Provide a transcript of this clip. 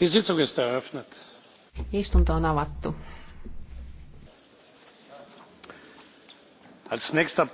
Die Sitzung ist eröffnet. Istunto on avattu. Als nächster